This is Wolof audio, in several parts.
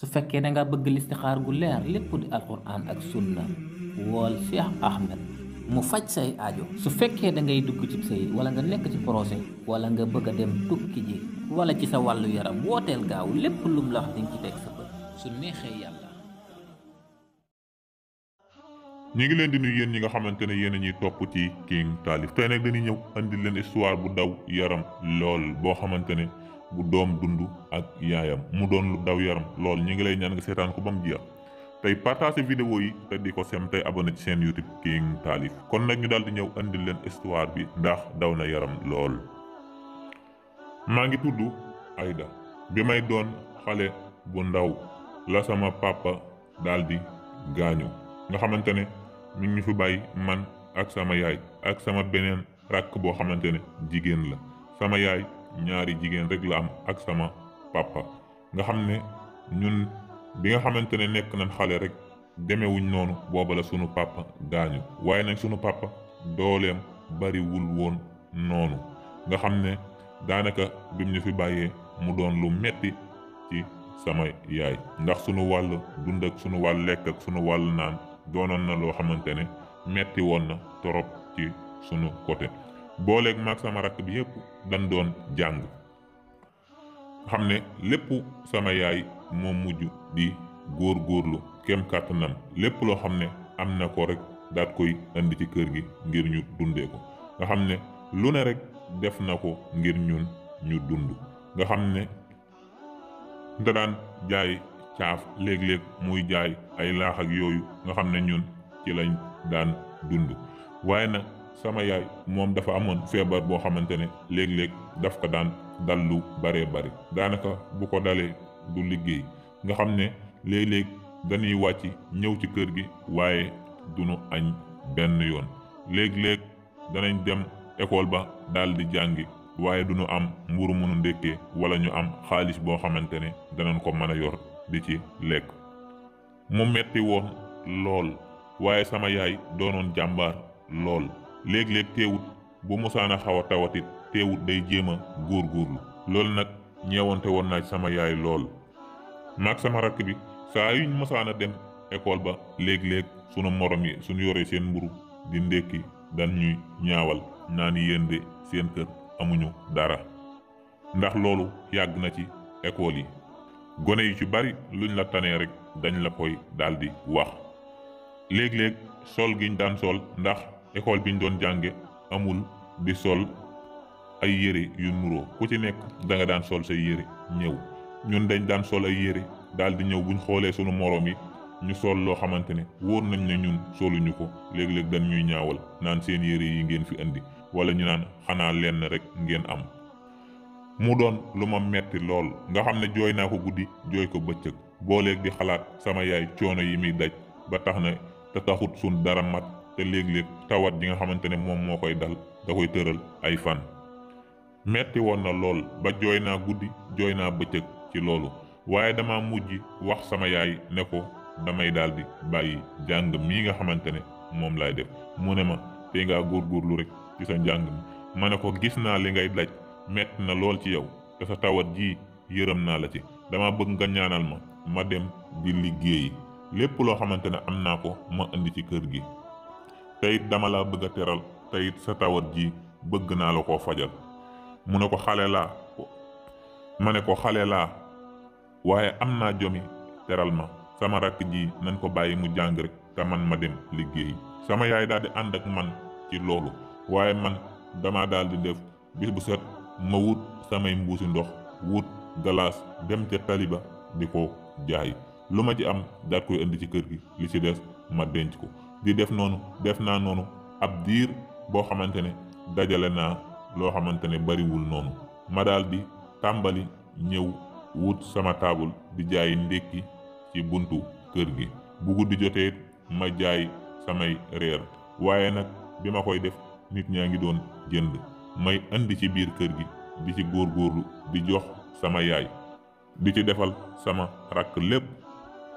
su fekkee da nga bëgg listixaar gu leer lépp di alquran ak sunna wool Cheikh Ahmed mu faj say aajo su fekkee da ngay dugg ci sëy wala nga nekk ci projet wala nga bëgg dem tukki ji wala ci sa wàllu yaram wooteel gaaw lépp lum la wax ci teg sa bët su neexee yàlla. ñu ngi leen di nuyu yéen ñi nga xamante ne yéen a ñuy topp ci King Taalif tey nag dañuy ñëw andi leen histoire bu daw yaram lool boo xamante ne. bu doom dund ak yaayam mu doon daw yaram lool ñu ngi lay ñaan nga seetaan ko ba mu jeex tey partagé vidéo yi te di ko sem tey abonné ci seen YouTube King Taalif kon nag ñu daal di ñëw indi leen histoire bi ndax daw na yaram lool. maa ngi tudd Aida bi may doon xale bu ndaw la sama papa daal di gaañu nga xamante ne mi ñu fi bàyyi man ak sama yaay ak sama beneen rakk boo xamante ne jigéen la sama yaay. ñaari jigéen rek la am ak sama papa nga xam ne ñun bi nga xamante ne nekk nañ xale rek demewuñ noonu booba la sunu papa gaañu waaye nag sunu papa dooleem bariwul woon noonu nga xam ne daanaka bim ñu fi bàyyee mu doon lu metti ci sama yaay ndax sunu wàll dund ak sunu wàll lekk ak sunu wàll naan doonoon na loo xamante ne metti woon na torop ci sunu côté booleeg maag sama rakk bi yëpp dañ doon jàng xam ne lépp sama yaay moo mujj di góor góorlu kem kàttanam lépp loo xam ne am na ko rek daat koy indi ci kër gi ngir ñu dundee ko nga xam ne lu ne rek def na ko ngir ñun ñu dund nga xam ne da daan jaay caaf léeg-léeg muy jaay ay laax yooyu nga xam ne ñun ci lañ daan dund waaye nag sama yaay moom dafa amoon feebar boo xamante ne léeg-léeg daf ko daan dal lu baree bari daanaka bu ko dalee du liggéey nga xam ne léeg-léeg dañuy wàcc ñëw ci kër gi waaye du nu añ benn yoon léegi léeg danañ dem école ba daal di jàngi waaye duñu am mburu mënu ndékkee wala ñu am xaalis boo xamante ne danañ ko mën a yor di ci lekk mu metti woon lool waaye sama yaay doonoon jàmbaar lool léeg-léeg teewut bu mosaan a xaw a tawatit teewut day jéema góor góorgóorlu loolu nag ñeewante woon naa sama yaay lool maag sama rakk bi saa yuñ mosaan a dem école ba léeg-léeg sunu morom yi suñu yoree seen mburu di ndékki dan ñuy ñaawal naa ni yéen de seen kër amuñu dara ndax loolu yàgg na ci école yi gone yi ci bari luñ la tanee rek dañ la koy daldi wax léeg-léeg sol giñ daan sol ndax bi biñ doon jànge amul di sol ay yére yu nuroo ku ci nekk danga daan sol say yére ñëw ñun dañ daan sol ay yére daal di ñëw buñ xoolee sunu moroom yi ñu sol loo xamante ni wóor nañ ne ñun soluñu ko léeg-léeg dañ ñuy ñaawal naan seen yére yi ngeen fi indi wala ñu naan xanaa lenn rek ngeen am mu doon lu ma metti lool nga xam ne jooy naa ko guddi jooy ko bëccëg booleeg di xalaat sama yaay coono yi muy daj ba tax na te taxut sun dara mat te léeg-léeg tawat ji nga xamante ne moom moo koy dal da koy tëral ay fan metti woon na lool ba jooy naa guddi jooy naa bëccëg ci loolu waaye dama mujj wax sama yaay ne ko damay daal di bàyyi jàng mii nga xamante ne moom laay def mu ne ma tey ngaa góorlu rek ci sa njàng mi ma ne ko gis naa li ngay daj metti na lool ci yow te sa tawat ji yërëm naa la ci dama bëgg nga ñaanal ma ma dem di liggéeyi lépp loo xamante ne am naa ko ma indi ci kër gi te dama laa bëgg a teral te sa tawat ji bëgg naa la koo fajal mu ne ko xale laa ma ne ko xale laa waaye am naa jomi teral ma sama rakk ji nañ ko bàyyi mu jàng rek te man ma dem liggéeyi sama yaay daal di ànd ak man ci loolu waaye man dama daal di def bis bu set ma wut samay mbuusi ndox wut galaas dem ca taliba di ko jaay lu ma ci am daat koy indi ci kër gi li ci des ma denc ko di def noonu def naa noonu ab diir boo xamante ne dajale naa loo xamante ne bariwul noonu ma daal tàmbali ñëw wut sama taabul di jaay ndékki ci buntu kër gi bu guddi jotee ma jaay samay reer waaye nag bi ma koy def nit ñaa ngi doon jënd may andi ci biir kër gi di ci góor góorgóorlu di jox sama yaay di ci defal sama rakk lépp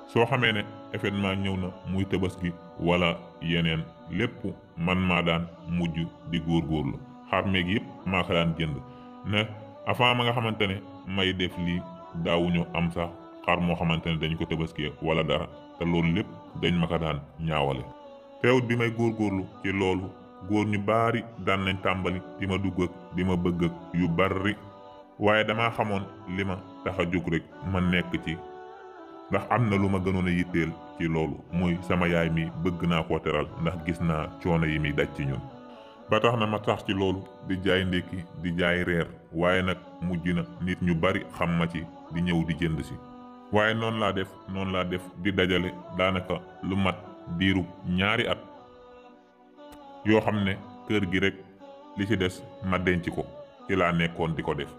soo xamee ne événement ñëw na muy tabaski wala yeneen lépp man maa daan mujj di góor góorgóorlu xar meeg yëpp maa ko daan jënd ne avant ma nga xamante ne may def lii daawuñu am sax xar moo xamante ne dañ ko tabaski wala dara te loolu lépp dañ ma ko daan ñaawale teewut bi may góor góorlu ci loolu góor ñu baari daan nañ tàmbali di ma dugg ak di ma bëgg ak yu bari waaye damaa xamoon li ma tax a jóg rek ma nekk ci ndax am na lu ma gënoon a ci loolu muy sama yaay mi bëgg naa koo teral ndax gis naa coono yi mi daj ci ñun ba tax na ma tax ci loolu di jaay ndékki di jaay reer waaye nag mujj na nit ñu bari xam ma ci di ñëw di jënd si waaye noonu laa def noonu laa def di dajale daanaka lu mat diiru ñaari at yoo xam ne kër gi rek li ci des ma denc ko ci laa nekkoon di ko def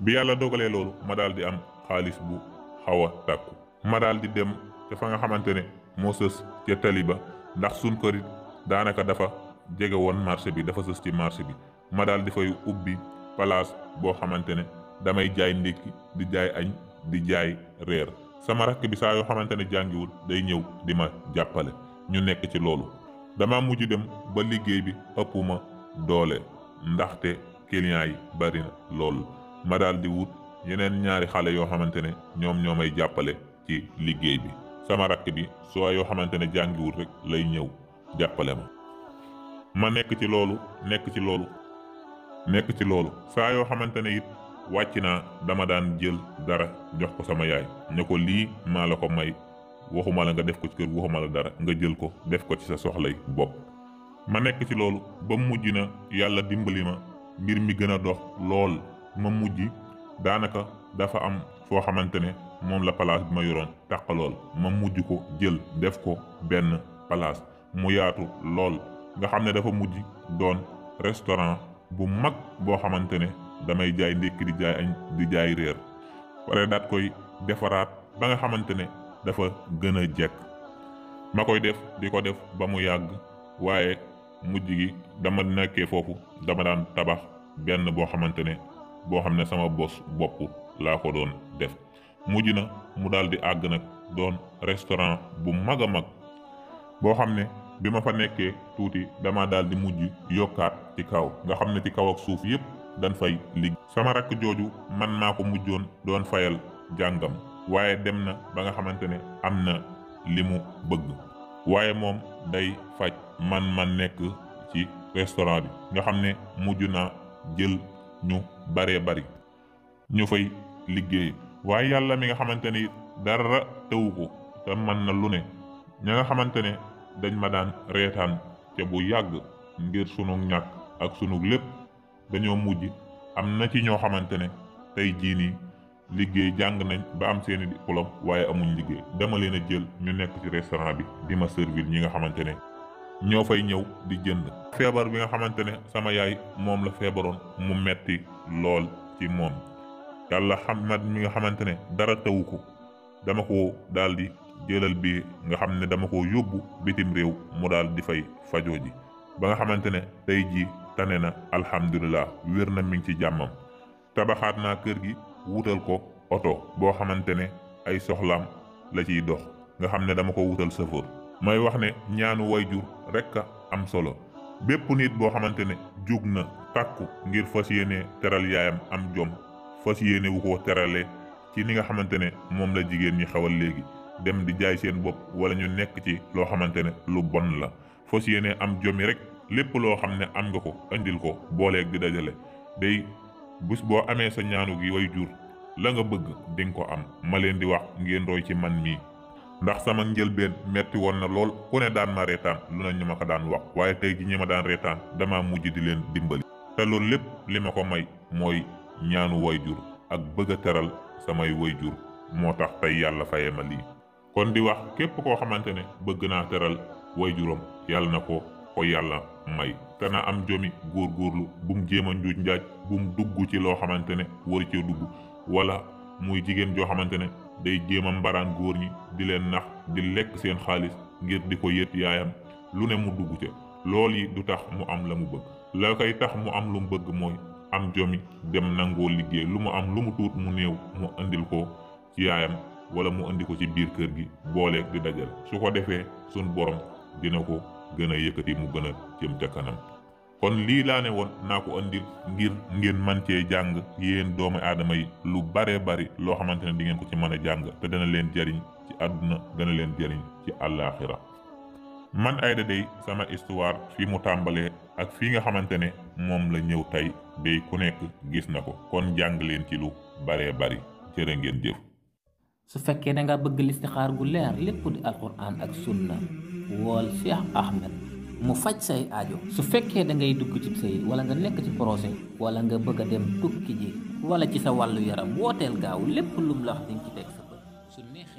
bi yàlla dogalee loolu ma daal di am xaalis bu xaw a takku ma daal di dem te fa nga xamante ne moo sës ca tali ba ndax suñ kër daanaka dafa jege woon marché bi dafa sës ci marché bi ma daal di fay ubbi palaas boo xamante ne damay jaay ndékki di jaay añ di jaay reer sama rakk bi saa yoo xamante ne jàngiwul day ñëw di ma jàppale ñu nekk ci loolu dama mujj dem ba liggéey bi ëppuma doole ndaxte client yi bari na lool ma daal wut yeneen ñaari xale yoo xamante ne ñoom ñoo may jàppale ci liggéey bi sama rakk bi soit yoo xamante ne jàngiwul rek lay ñëw jàppale ma ma nekk ci loolu nekk ci loolu nekk ci loolu saa yoo xamante ne it wàcc naa dama daan jël dara jox ko sama yaay ne ko lii maa la ko may waxuma la nga def ko ci kër waxuma la dara nga jël ko def ko ci sa soxlay bopp ma nekk ci loolu ba mujj na yàlla dimbali ma mbir mi gën a dox lool ma mujj daanaka dafa am foo xamante ne moom la place bi ma yoroon lool ma mujj ko jël def ko benn place mu yaatu lool nga xam ne dafa mujj doon restaurant bu mag boo xamante ne damay jaay ndékki di jaay añ di jaay réer pare daat koy defaraat ba nga xamante ne dafa gën a jekk ma koy def di ko def ba mu yàgg waaye mujj gi dama nekke foofu dama daan tabax benn boo xamante ne boo xam ne sama bos boppu laa ko doon def mujj na mu daal di àgg nag doon restaurant bu mag a mag boo xam ne bi ma fa nekkee tuuti dama daal di mujj yokkaat ci kaw nga xam ne ci kawak ak suuf yépp dañ fay liggéey sama rakk jooju man naa ko mujjoon doon fayal jàngam waaye dem na ba nga xamante ne am na li mu bëgg waaye moom day faj man ma nekk ci restaurant bi nga xam ne mujj naa jël ñu baree bari ñu fay liggéey waaye yàlla mi nga xamante ni dara tewu ko te mën na lu ne ña nga xamante ne dañ ma daan reetaan te bu yàgg ngir sunu ñàkk ak sunu lépp dañoo mujj am na ci ñoo xamante ne tey jii nii liggéey jàng nañ ba am seeni diplôme waaye amuñ liggéey dama leen jël ñu nekk ci restaurant bi di ma servir ñi nga xamante ne ñoo fay ñëw di jënd feebar bi nga xamante ne sama yaay moom la feebaroon mu metti lool ci moom yàlla xamat mi nga xamante ne dara tawu ko dama ko daal di jëlal bi nga xam ne dama ko yóbbu bitim réew mu daal di fay fajoo ji ba nga xamante ne tey jii tane na alhamdulilah wér na mi ngi ci jàmmam tabaxaat naa kër gi wutal ko oto boo xamante ne ay soxlaam la ciy dox nga xam ne dama ko wutal sëfoor may wax ne ñaanu wayjur rek am solo bépp nit boo xamante ne jug na tàkku ngir fas yéene teral yaayam am jom fas yéene wu ko teralee ci ni nga xamante ne moom la jigéen ñi xawal léegi dem di jaay seen bopp wala ñu nekk ci loo xamante ne lu bon la fas yéene am jomi rek lépp loo xam ne am nga ko andil ko booleeg di dajale day bus boo amee sa ñaanu gi way jur la nga bëgg di ko am ma leen di wax ngeen roy ci man mii ndax sama njëlbeen metti woon na lool ku ne daan ma reetaan lu ne ñu ma ko daan wax waaye tey ji ma daan reetaan damaa mujj di leen dimbali te loolu lépp li ma ko may mooy ñaanu wayjur ak bëgg teral samay wayjur moo tax tey yàlla fayee ma lii kon di wax képp koo xamante ne bëgg naa teral wayjuram yàlla na ko ko yàlla may te na am jomi góor bu mu jéem a njuuj njaaj bum mu dugg ci loo xamante ne war cee dugg wala muy jigéen joo xamante ne day jéem a mbaraan góor ñi di leen nax di lekk seen xaalis ngir di ko yët yaayam lu ne mu dugg ca lool yi du tax mu am la mu bëgg la koy tax mu am lu mu bëgg mooy am jomi dem nangoo liggéey lu mu am lu mu tuut mu néew mu indil ko ci yaayam wala mu indi ko ci biir kër gi booleeg di dajal su ko defee sunu borom dina ko gën a yëkkati mu gën a jëm ca kanam kon lii laa ne woon naa ko andil ngir ngeen man cee jàng yéen doomu aadama yi lu baree bari loo xamante ne di ngeen ko ci mën a jàng te dana leen jariñ ci àdduna dana leen jariñ ci àllaaxira man Aida day sama histoire fii mu tàmbalee ak fii nga xamante ne moom la ñëw tey day ku nekk gis na ko kon jàng leen ci lu baree bari jërë ngeen jëf su fekkee da bëgg listixaar gu leer lépp di alquran ak sunna wool Cheikh Ahmed mu faj say aajo su fekkee da ngay dugg ci say wala nga nekk ci projet wala nga bëgg a dem tukki ji wala ci sa wàllu yaram wooteel gaaw lépp lum la wax dañ ci teg sa bët su neexee